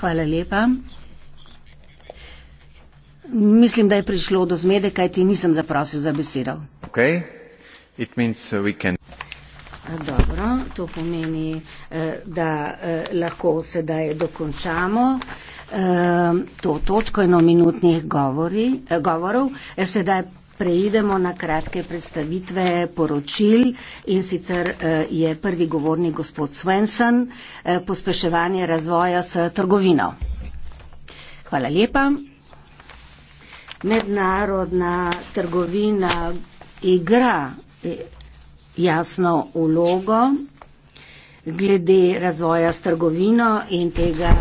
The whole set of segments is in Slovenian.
Hvala lepa. Mislim, da je prišlo do zmede, kaj ti nisem zaprosil za besedo. Okay. Uh, Dobro, to pomeni, eh, da eh, lahko sedaj dokončamo eh, to točko enominutnih govorov. Sedaj preidemo na kratke predstavitve poročil in sicer eh, je prvi govornik gospod Svensson, eh, pospeševanje razvoja s trgovino. Hvala lepa. Mednarodna trgovina igra eh, jasno vlogo glede razvoja s trgovino in tega,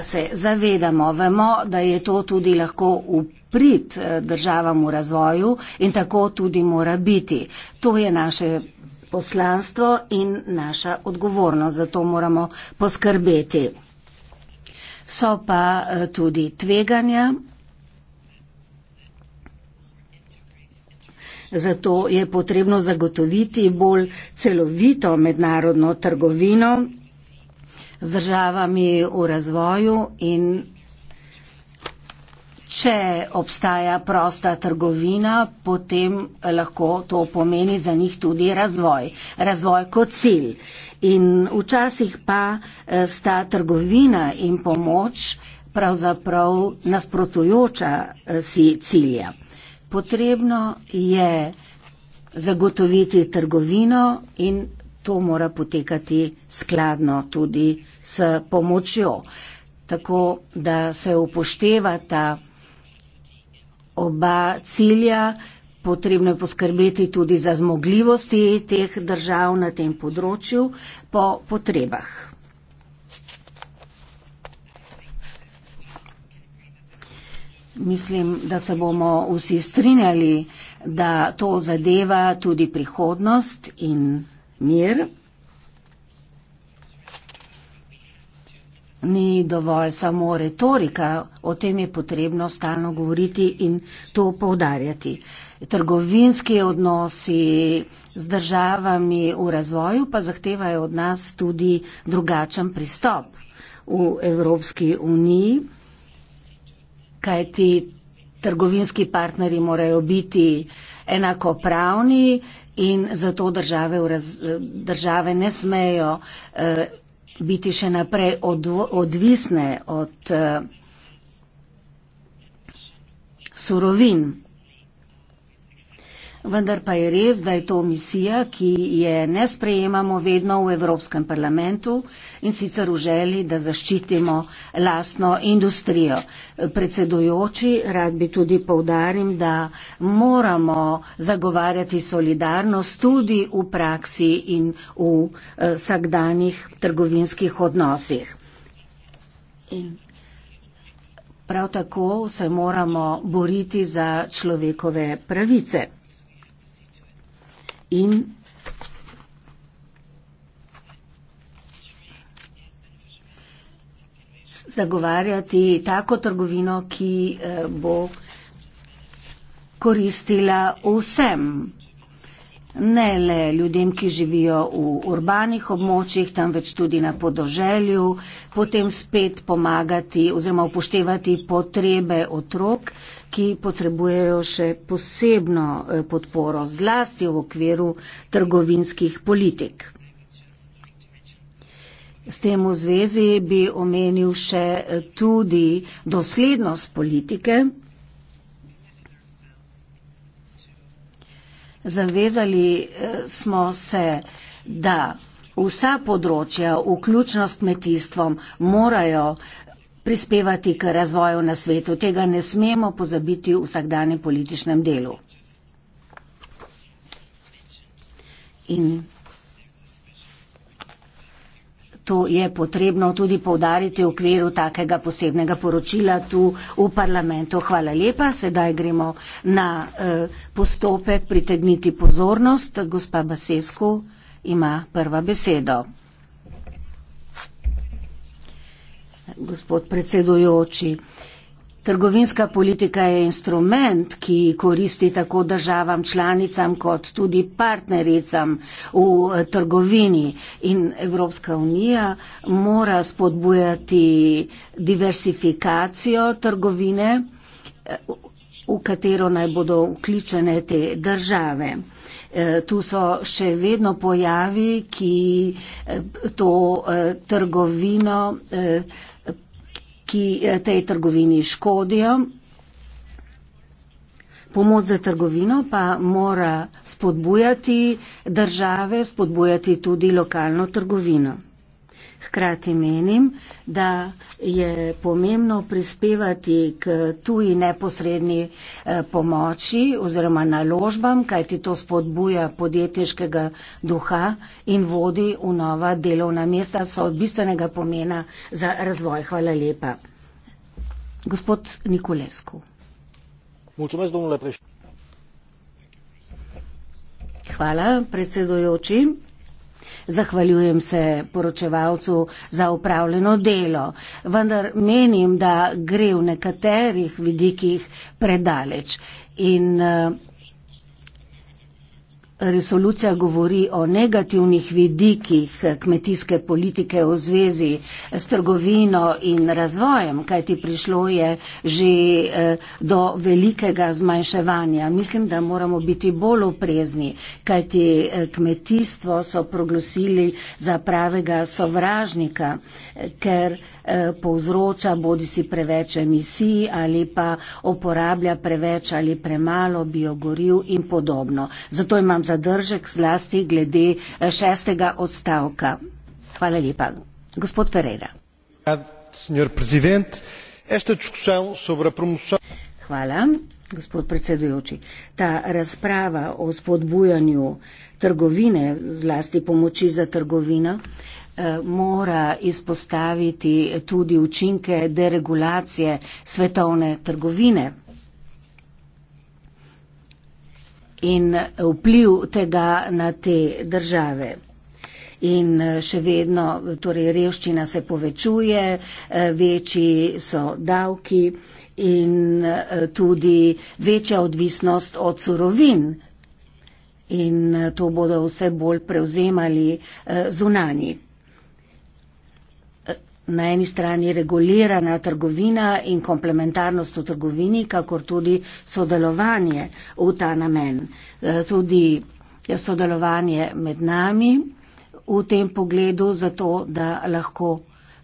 se zavedamo, vemo, da je to tudi lahko uprit eh, državam v razvoju in tako tudi mora biti. To je naše poslanstvo in naša odgovornost, zato moramo poskrbeti. So pa eh, tudi tveganja. Zato je potrebno zagotoviti bolj celovito mednarodno trgovino z državami v razvoju in če obstaja prosta trgovina, potem lahko to pomeni za njih tudi razvoj, razvoj kot cilj. In včasih pa eh, sta trgovina in pomoč pravzaprav nasprotujoča eh, si cilja. Potrebno je zagotoviti trgovino in to mora potekati skladno tudi s pomočjo. Tako da se upoštevata oba cilja, potrebno je poskrbeti tudi za zmogljivosti teh držav na tem področju po potrebah. Mislim, da se bomo vsi strinjali, da to zadeva tudi prihodnost in prihodnost mir. Ni dovolj samo retorika, o tem je potrebno stalno govoriti in to povdarjati. Trgovinski odnosi z državami v razvoju pa zahtevajo od nas tudi drugačen pristop v Evropski uniji, kajti trgovinski partnerji morajo biti uh, enakopravni in zato države, raz, države ne smejo eh, biti še naprej odvo, odvisne od eh, surovin. Vendar pa je res, da je to misija, ki je ne sprejemamo vedno v Evropskem parlamentu in sicer v želi, da zaščitimo lastno industrijo. Predsedujoči, rad bi tudi povdarim, da moramo zagovarjati solidarnost tudi v praksi in v eh, vsakdanjih trgovinskih odnosih. In prav tako se moramo boriti za človekove pravice in zagovarjati tako trgovino, ki eh, bo koristila vsem, ne le ljudem, ki živijo v urbanih območjih, temveč tudi na podoželju, potem spet pomagati oziroma upoštevati potrebe otrok, ki potrebujejo še posebno eh, podporo zlasti v okviru trgovinskih politik. S tem v zvezi bi omenil še eh, tudi doslednost politike. Zavezali eh, smo se, da vsa področja, vključno s kmetijstvom, morajo prispevati k razvoju na svetu. Tega ne smemo pozabiti v vsakdanjem političnem delu. In To je potrebno tudi povdariti v okviru takega posebnega poročila tu v parlamentu. Hvala lepa. Sedaj gremo na eh, postopek pritegniti pozornost. Gospa Basesku ima prva besedo. gospod predsedujoči. Trgovinska politika je instrument, ki koristi tako državam članicam kot tudi partnericam v eh, trgovini in Evropska unija mora spodbujati diversifikacijo trgovine, eh, v katero naj bodo vključene te države. Eh, tu so še vedno pojavi, ki to trgovino ki eh, tej trgovini škodijo. Pomoč za trgovino pa mora spodbujati države, spodbujati tudi lokalno trgovino. Hkrati menim, da je pomembno prispevati k tuji neposredni eh, pomoči oziroma naložbam, kajti to spodbuja podjetniškega duha in vodi v nova delovna mesta, so bistvenega pomena za razvoj. Hvala lepa. Gospod Nikolescu. Mulțumesc, domnule președinte. Hvala, predsedujoči. Zahvaljujem se poročevalcu za upravljeno delo, vendar menim, da gre v nekaterih vidikih predaleč. In, uh, Resolucija govori o negativnih vidikih kmetijske politike v zvezi s trgovino in razvojem, kajti prišlo je že eh, do velikega zmanjševanja. Mislim, da moramo biti bolj oprezni, kajti eh, kmetijstvo so proglosili za pravega sovražnika, ker Eh, povzroča bodi si preveč emisij ali pa uporablja preveč ali premalo biogoriv in podobno. Zato imam zadržek zlasti glede eh, šestega odstavka. Hvala lepa. Gospod Ferreira. Hvala, gospod predsedujoči. Ta razprava o spodbujanju trgovine, zlasti pomoči za trgovino, eh, Eh, mora izpostaviti tudi učinke deregulacije svetovne trgovine. In vpliv tega na te države. In eh, še vedno, torej revščina se povečuje, eh, večji so davki in tudi večja odvisnost od surovin. In to bodo vse bolj prevzemali zunani na eni strani regulirana trgovina in komplementarnost v trgovini, kakor tudi sodelovanje v ta namen. E, tudi sodelovanje med nami v tem pogledu, zato da, lahko,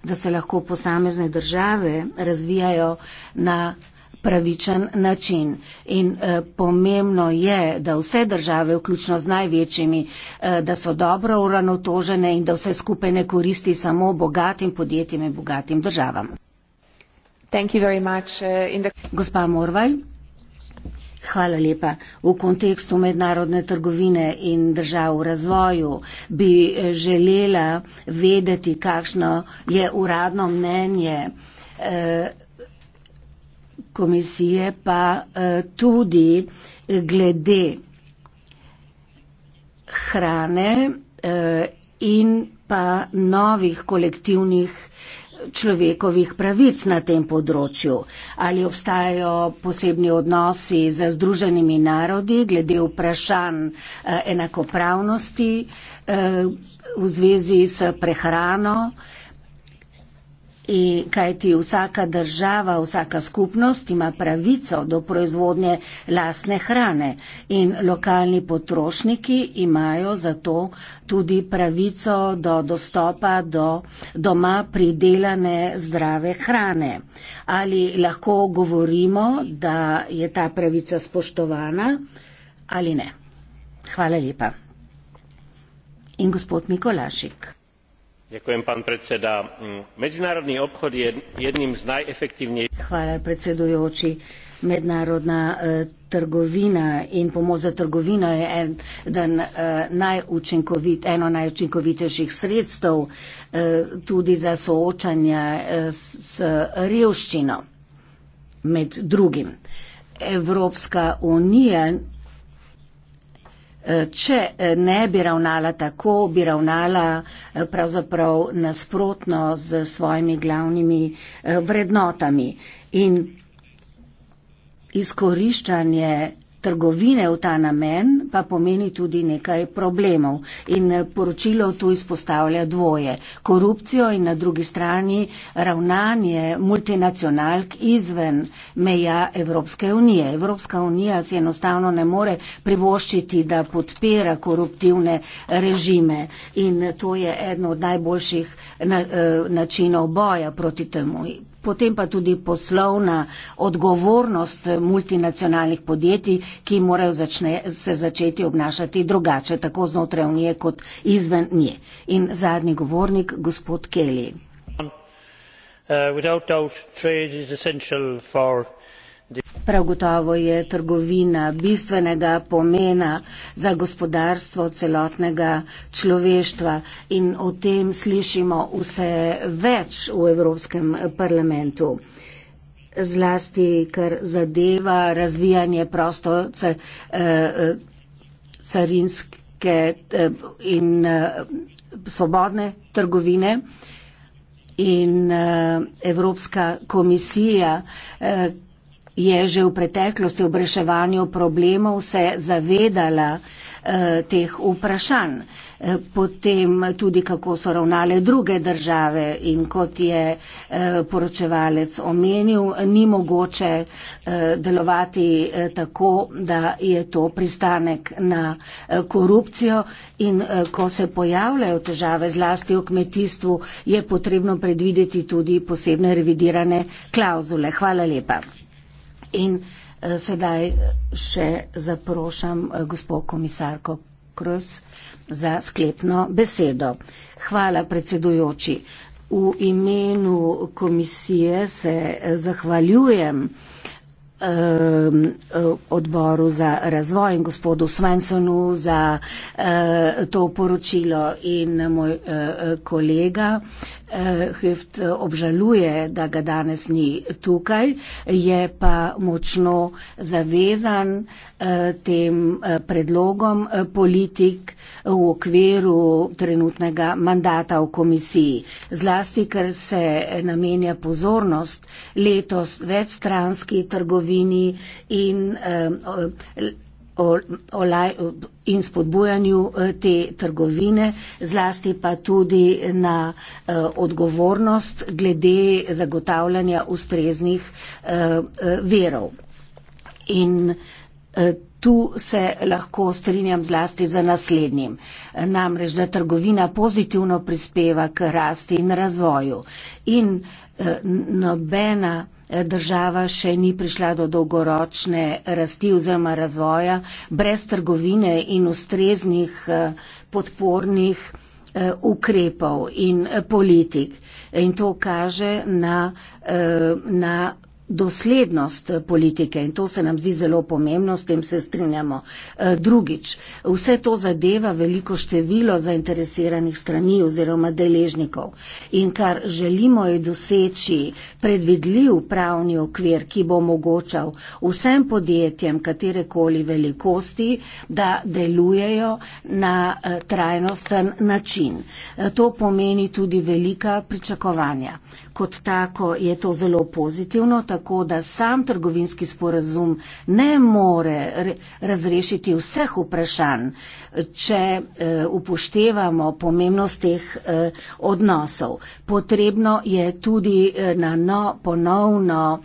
da se lahko posamezne države razvijajo na pravičen način. In eh, pomembno je, da vse države, vključno z največjimi, eh, da so dobro uravnotožene in da vse skupaj ne koristi samo bogatim podjetjem in bogatim državam. Much, uh, the... Gospa Morvaj. Hvala lepa. V kontekstu mednarodne trgovine in držav v razvoju bi eh, želela vedeti, kakšno je uradno mnenje eh, komisije pa eh, tudi eh, glede hrane eh, in pa novih kolektivnih človekovih pravic na tem področju. Ali obstajajo posebni odnosi z združenimi narodi glede vprašanj enakopravnosti v zvezi s prehrano? In kaj ti vsaka država, vsaka skupnost ima pravico do proizvodnje lastne hrane in lokalni potrošniki imajo zato tudi pravico do dostopa do doma pridelane zdrave hrane. Ali lahko govorimo, da je ta pravica spoštovana ali ne? Hvala lepa. In gospod Mikolašik. Mm, medzinárodný obchod je jedným z najefektívnejších medzinárodná e, trgovina in pomoc za trgovino je eden e, najučinkovit, eno najučinkovitejših sredstev e, tudi za soočanje s revščino med drugim. Evropska unija Če eh, ne bi ravnala tako, bi ravnala eh, pravzaprav nasprotno z svojimi glavnimi eh, vrednotami. In izkoriščanje trgovine v ta namen pa pomeni tudi nekaj problemov. In eh, poročilo tu izpostavlja dvoje. Korupcijo in na drugi strani ravnanje multinacionalk izven meja Evropske unije. Evropska unija si enostavno ne more privoščiti, da podpira koruptivne režime. In to je eno od najboljših na, eh, načinov boja proti temu, potem pa tudi poslovna odgovornost multinacionalnih podjetij, ki morajo začne, se začeti obnašati drugače, tako znotraj unije kot izven nje. In zadnji govornik, gospod Kelly. Uh, Prav gotovo je trgovina bistvenega pomena za gospodarstvo celotnega človeštva in o tem slišimo vse več v Evropskem parlamentu. Zlasti, kar zadeva razvijanje prosto eh, carinske eh, in eh, svobodne trgovine. In Evropska komisija, je že v preteklosti ob reševanju problemov se zavedala eh, teh vprašanj. Eh, potem tudi, kako so ravnale druge države in kot je eh, poročevalec omenil, ni mogoče eh, delovati eh, tako, da je to pristanek na eh, korupcijo in eh, ko se pojavljajo težave zlasti v kmetijstvu, je potrebno predvideti tudi posebne revidirane klauzule. Hvala lepa. In eh, sedaj eh, še zaprošam eh, gospod komisarko Kroz za sklepno besedo. Hvala, predsedujoči. V imenu komisije se zahvaljujem ehm, odboru za razvoj in gospodu Svensonu za to poročilo in moj kolega, Hift obžaluje, da ga danes ni tukaj, je pa močno zavezan eh, tem eh, predlogom eh, politik v okviru trenutnega mandata v komisiji. Zlasti, ker se namenja pozornost letos večstranski trgovini in in spodbujanju eh, te trgovine, zlasti pa tudi na eh, odgovornost glede zagotavljanja ustreznih eh, verov. In tu se lahko strinjam zlasti za naslednjim. Namreč, da trgovina pozitivno prispeva k rasti in razvoju. In nobena država še ni prišla do dolgoročne rasti oziroma razvoja brez trgovine in ustreznih eh, podpornih eh, ukrepov in eh, politik. In to kaže na, na doslednost politike in to se nam zdi zelo pomembno, s tem se strinjamo. E, drugič, vse to zadeva veliko število zainteresiranih strani oziroma deležnikov in kar želimo je doseči predvidljiv pravni okvir, ki bo omogočal vsem podjetjem katerekoli velikosti, da delujejo na e, trajnosten način. E, to pomeni tudi velika pričakovanja. Kot tako je to zelo pozitivno, tako tako, da sam trgovinski sporazum ne more razrešiti vseh vprašanj, če eh, upoštevamo pomembnost teh eh, odnosov. Potrebno je tudi eh, na no ponovno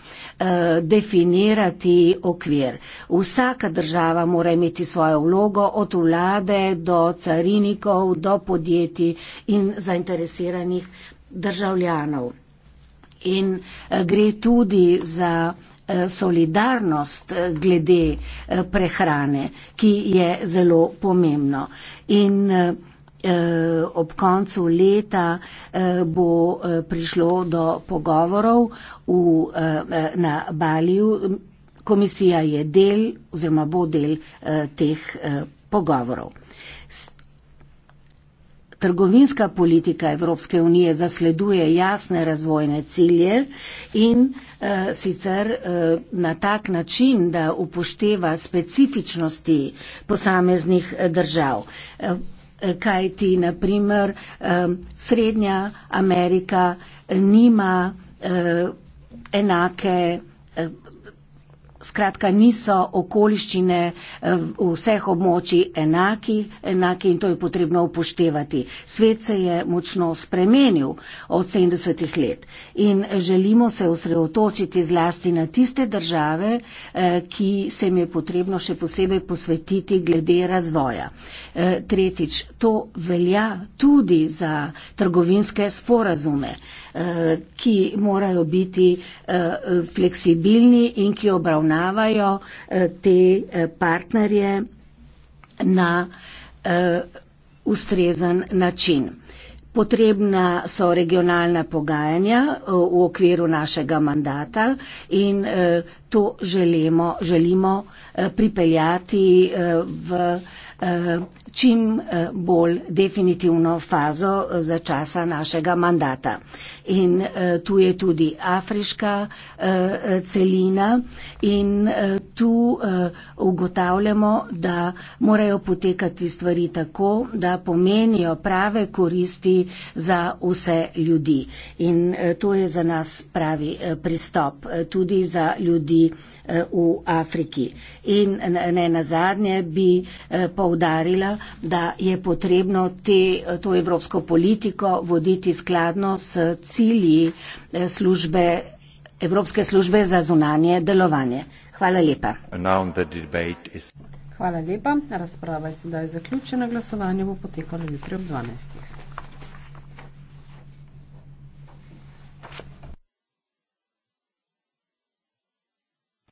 definirati okvir. Vsaka država mora imeti svojo vlogo od vlade do carinikov, do podjetij in zainteresiranih državljanov in eh, gre tudi za eh, solidarnost eh, glede prehrane, ki je zelo pomembno. In ob koncu leta bo prišlo do pogovorov v, na Baliju. Komisija je del oziroma bo del teh pogovorov. S Trgovinska politika Evropske unije zasleduje jasne razvojne cilje in e, sicer e, na tak način, da upošteva specifičnosti posameznih eh, držav. E, kaj ti, naprimer, e, Srednja Amerika nima e, enake skratka, niso okoliščine v eh, vseh območjih enaki, enaki in to je potrebno upoštevati. Svet se je močno spremenil od 70-ih let in želimo se osredotočiti zlasti na tiste države, eh, ki se jim je potrebno še posebej posvetiti glede razvoja. Eh, tretjič, to velja tudi za trgovinske sporazume ki morajo biti eh, fleksibilni in ki obravnavajo eh, te eh, partnerje na ustrezen način. Potrebna so regionalna pogajanja v okviru našega mandata in to želimo, želimo pripeljati v Eh, čim eh, bolj definitivno fazo eh, za časa našega mandata. In tu je tudi afriška celina in tu ugotavljamo, da morajo potekati stvari tako, da pomenijo prave koristi za vse ljudi. In to je za nas pravi pristop tudi za ljudi v Afriki. In ne na zadnje bi po poudarila, da je potrebno te, to evropsko politiko voditi skladno s cilji eh, službe, Evropske službe za zunanje delovanje. Hvala lepa. Hvala lepa. Razprava je sedaj zaključena. Glasovanje bo potekalo jutri ob 12.